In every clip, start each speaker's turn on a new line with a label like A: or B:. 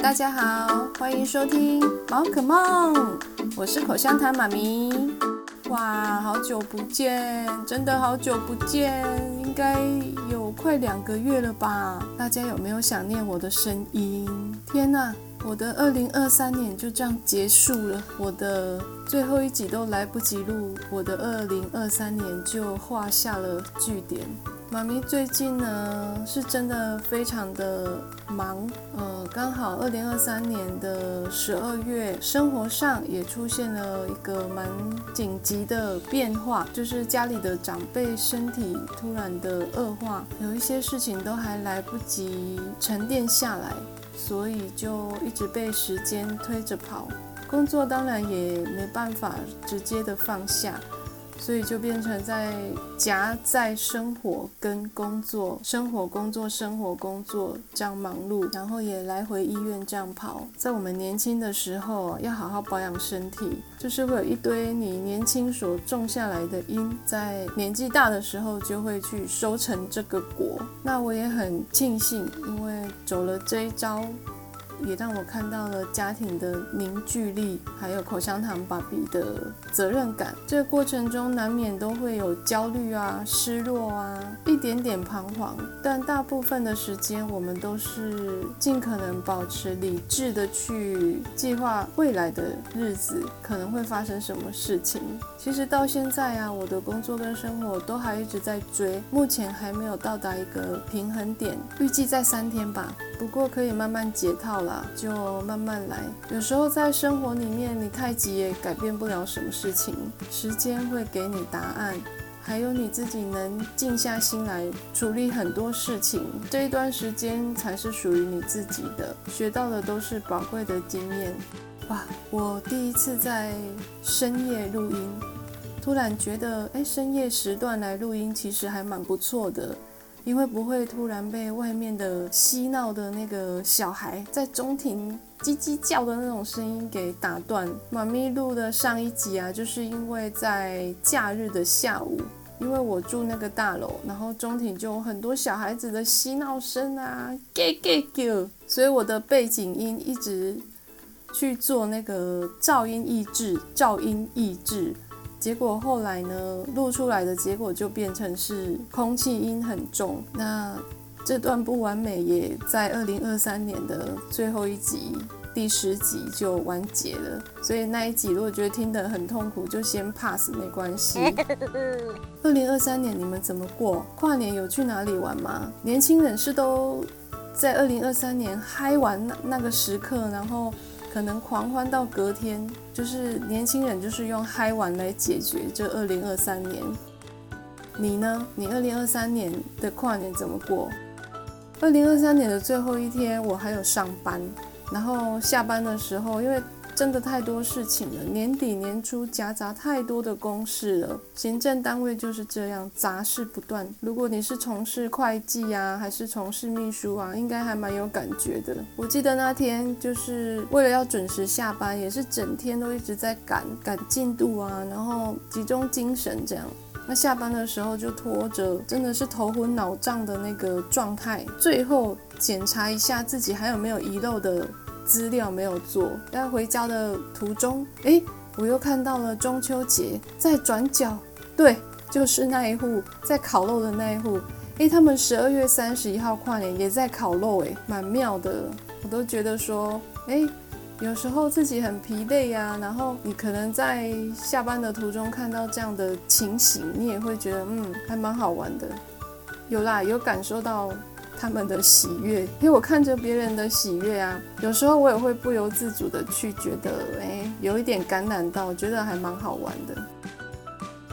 A: 大家好，歡迎收聽《毛可夢》，我是口香糖媽咪。哇，好久不見，真的好久不見，應該有快兩個月了吧？大家有沒有想念我的聲音？天哪，我的2023年就這樣結束了，我的最後一集都來不及錄，我的2023年就畫下了句點。媽咪最近呢，是真的非常的忙，呃，剛好二零二三年的十二月，生活上也出現了一個蠻緊急的變化，就是家裡的長輩身體突然的惡化，有一些事情都還來不及沉澱下來，所以就一直被時間推着跑，工作當然也沒辦法直接的放下。所以就變成在夾在生活跟工作，生活工作、生活工作這樣忙碌，然後也來回醫院這樣跑。在我們年輕的時候要好好保養身體，就是會有一堆你年輕所種下來的因，在年紀大的時候就會去收成這個果。那我也很慶幸，因為走了這一遭。也讓我看到了家庭的凝聚力，還有口香糖芭比的責任感。這個過程中難免都會有焦慮啊、失落啊、一點點彷徨，但大部分的時間我們都是盡可能保持理智的去計劃未來的日子，可能會發生什麼事情。其實到現在啊，我的工作跟生活都還一直在追，目前還沒有到達一個平衡點，預計在三天吧。不過可以慢慢解套了，就慢慢來。有時候在生活裡面，你太急也改變不了什麼事情，時間會給你答案。還有你自己能靜下心來處理很多事情，這一段時間才是屬於你自己的，學到的都是寶貴的經驗。哇，我第一次在深夜錄音，突然覺得誒，深夜時段來錄音其實還蠻不錯的，因為不會突然被外面的嬉鬧的那個小孩在中庭嘰嘰叫的那種聲音給打斷。媽咪錄的上一集啊，就是因為在假日的下午。因為我住那個大樓，然後中庭就有很多小孩子的嬉鬧聲啊，嘎嘎嘎，所以我的背景音一直去做那個噪音抑制，噪音抑制，結果後來呢，錄出來的結果就變成是空氣音很重。那這段不完美也在二零二三年的最後一集。第十集就完結了，所以那一集如果覺得聽得很痛苦，就先 pass 沒關係。二零二三年你們怎麼過？跨年有去哪裡玩嗎？年輕人是都在二零二三年嗨玩那那個時刻，然後可能狂歡到隔天，就是年輕人就是用嗨玩來解決這二零二三年。你呢？你二零二三年的跨年怎麼過？二零二三年的最後一天，我還有上班。然後下班的時候，因為真的太多事情了，年底年初夾雜太多的公事了，行政單位就是這樣，雜事不斷。如果你是從事會計啊，還是從事秘書啊，應該還蠻有感覺的。我記得那天就是為了要準時下班，也是整天都一直在趕趕進度啊，然後集中精神這樣。那下班的時候就拖着，真的是頭昏腦脹的那個狀態。最後檢查一下自己還有沒有遺漏的資料沒有做。但回家的途中，哎，我又看到了中秋節，在轉角，對，就是那一戶在烤肉的那一戶。哎，他們十二月三十一號跨年也在烤肉，哎，蠻妙的。我都覺得說，哎。有時候自己很疲憊啊，然後你可能在下班的途中看到這樣的情形，你也會覺得嗯，還蠻好玩的。有啦，有感受到他們的喜悅，因為我看着別人的喜悅啊，有時候我也會不由自主的去覺得，哎、欸，有一點感染到，覺得還蠻好玩的。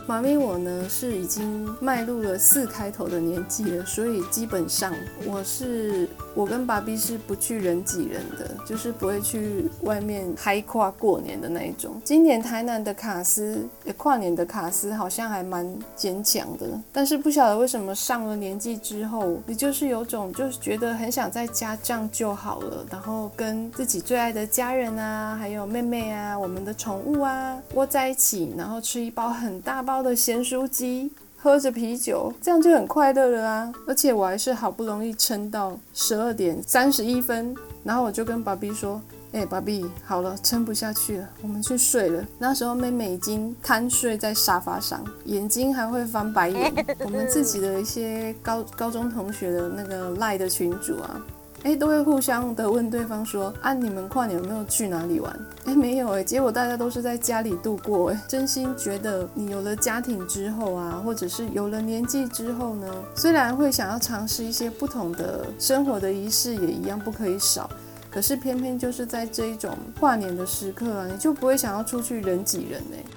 A: 媽咪，我呢是已經邁入了四開頭的年紀了，所以基本上我是。我跟爸比是不去人擠人的，就是不會去外面嗨跨過年的那一種。今年台南的卡司，跨年的卡司好像還蠻堅強的。但是不曉得為什麼上了年紀之後，你就是有種就是覺得很想在家這樣就好了，然後跟自己最愛的家人啊，還有妹妹啊，我們的寵物啊窩在一起，然後吃一包很大包的鹹酥雞。喝着啤酒，這樣就很快樂了啊！而且我還是好不容易撐到十二點三十一分，然後我就跟爸比說：“哎、欸，爸比，好了，撐不下去了，我們去睡了。”那時候妹妹已經癱睡在沙發上，眼睛還會翻白眼。我們自己的一些高高中同學的那個賴的群組啊。哎，都會互相的問對方說，啊，你們跨年有沒有去哪裡玩？哎，沒有哎，結果大家都是在家裡度過哎。真心覺得你有了家庭之後啊，或者是有了年紀之後呢，雖然會想要嘗試一些不同的生活的儀式，也一樣不可以少，可是偏偏就是在這一種跨年的時刻啊，你就不會想要出去人擠人哎。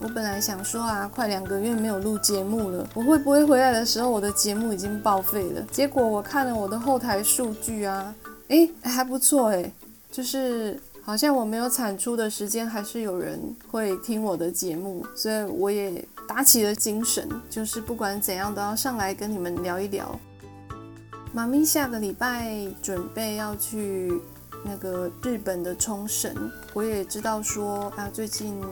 A: 我本來想說啊，快兩個月沒有錄節目了，我會不會回來的時候，我的節目已經報廢了？結果我看了我的後台數據啊，哎，還不錯哎，就是好像我沒有產出的時間，還是有人會聽我的節目，所以我也打起了精神，就是不管怎樣都要上來跟你們聊一聊。媽咪下個禮拜準備要去那個日本的沖繩，我也知道說啊，最近。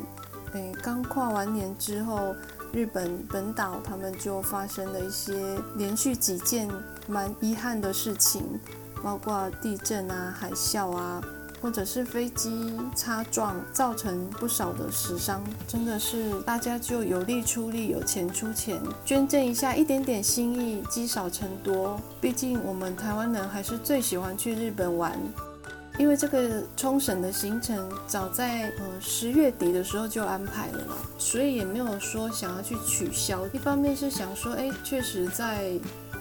A: 剛跨完年之後，日本本島他們就發生了一些連續幾件蠻遺憾的事情，包括地震啊、海嘯啊，或者是飛機擦撞，造成不少的死傷。真的是大家就有力出力，有錢出錢，捐贈一下一點點心意，積少成多。畢竟我們台灣人還是最喜歡去日本玩。因為這個沖繩的行程早在呃十月底的時候就安排了嘛，所以也沒有說想要去取消。一方面是想說，哎，確實在。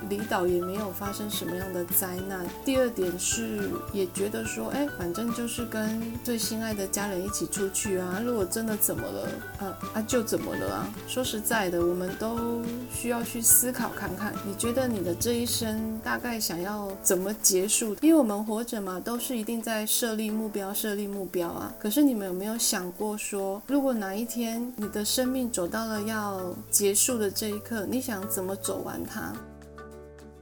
A: 離島也沒有發生什麼樣的災難。第二點是，也覺得說，哎，反正就是跟最心愛的家人一起出去啊。如果真的怎麼了，啊啊，就怎麼了啊。說實在的，我們都需要去思考看看，你覺得你的這一生大概想要怎麼結束？因為我們活着嘛，都是一定在設立目標，設立目標啊。可是你們有沒有想過說，如果哪一天你的生命走到了要結束的這一刻，你想怎麼走完它？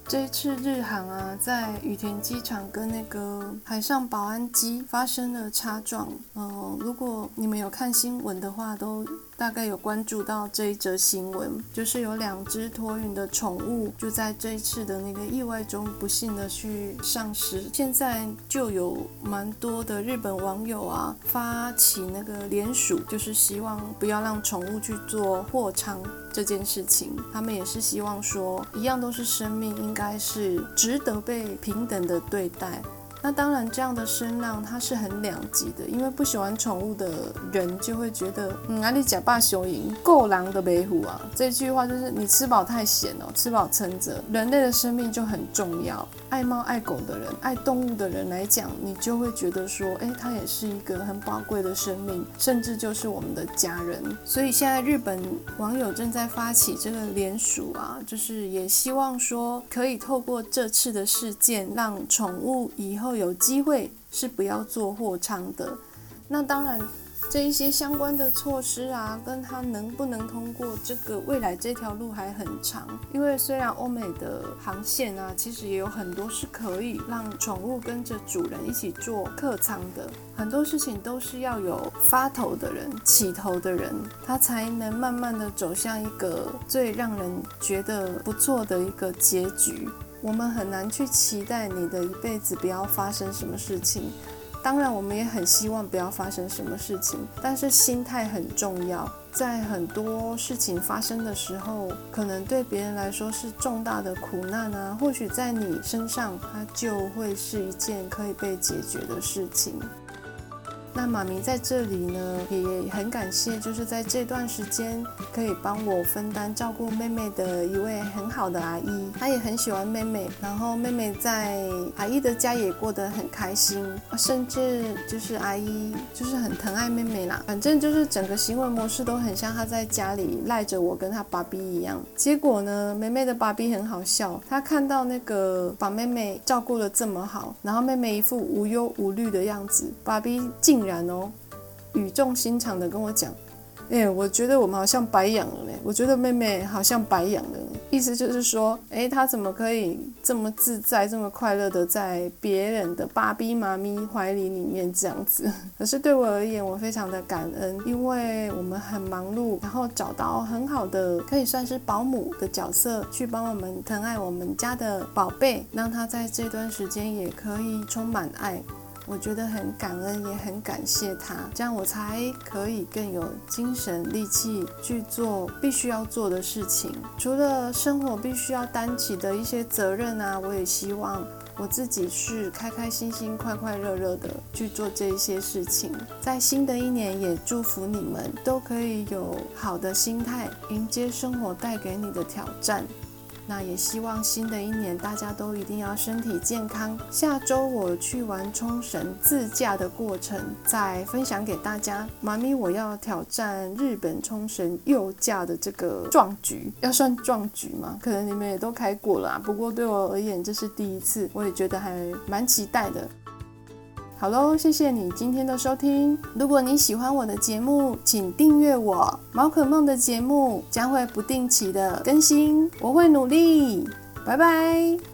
A: 這一次日航啊，在羽田機場跟那個海上保安機發生了擦撞。嗯、呃，如果你們有看新聞的話，都大概有關注到這一則新聞，就是有兩隻托運的寵物，就在這一次的那個意外中不幸的去喪失。現在就有蠻多的日本網友啊，發起那個聯署，就是希望不要讓寵物去做貨艙。這件事情，他們也是希望說，一樣都是生命，應該是值得被平等的對待。那當然，這樣的聲浪它是很兩極的，因為不喜歡寵物的人就會覺得，嗯，阿里假霸雄贏夠狼的北虎啊，這句話就是你吃飽太閒了，哦，吃飽撐着。人類的生命就很重要，愛貓愛狗的人，愛動物的人來講，你就會覺得說，哎、欸，它也是一個很寶貴的生命，甚至就是我們的家人。所以現在日本網友正在發起這個聯署啊，就是也希望說，可以透過這次的事件，讓寵物以後。有機會是不要坐貨艙的。那當然這一些相關的措施啊，跟它能不能通過這個未來這條路還很長，因為雖然歐美的航線啊，其實也有很多是可以讓寵物跟着主人一起坐客艙的，很多事情都是要有發頭的人，起頭的人，他才能慢慢地走向一個最讓人覺得不錯的一個結局。我們很難去期待你的一輩子不要發生什麼事情，當然我們也很希望不要發生什麼事情，但是心態很重要。在很多事情發生的時候，可能對別人來說是重大的苦難啊，或許在你身上它就會是一件可以被解決的事情。那媽咪在這裡呢，也很感謝，就是在這段時間可以幫我分擔照顧妹妹的一位很好的阿姨，她也很喜歡妹妹，然後妹妹在阿姨的家也過得很開心，啊，甚至就是阿姨就是很疼愛妹妹啦。反正就是整個行為模式都很像她在家裡賴着我跟她爸比一樣。結果呢，妹妹的爸比很好笑，她看到那個把妹妹照顧得這麼好，然後妹妹一副無憂無慮的樣子，爸比竟。然哦，語重心長的跟我講，哎，我覺得我們好像白養了，我覺得妹妹好像白養了，意思就是說，哎，她怎麼可以這麼自在、這麼快樂的在別人的爸比媽咪懷裡裡面這樣子？可是對我而言，我非常的感恩，因為我們很忙碌，然後找到很好的可以算是保姆的角色，去幫我們疼愛我們家的寶貝，讓她在這段時間也可以充滿愛。我覺得很感恩，也很感謝他，這樣我才可以更有精神力氣去做必須要做的事情。除了生活必須要擔起的一些責任啊，我也希望我自己是開開心心、快快樂樂的去做這一些事情。在新的一年，也祝福你們都可以有好的心態迎接生活帶給你的挑戰。那也希望新的一年大家都一定要身體健康。下周我去玩沖繩自駕的過程再分享給大家。媽咪，我要挑戰日本沖繩右駕的這個壯舉，要算壯舉嗎？可能你們也都開過了啊，不過對我而言這是第一次，我也覺得還蠻期待的。好嘍，謝謝你今天的收聽。如果你喜歡我的節目，請訂閱我。毛可夢的節目將會不定期的更新，我會努力。拜拜。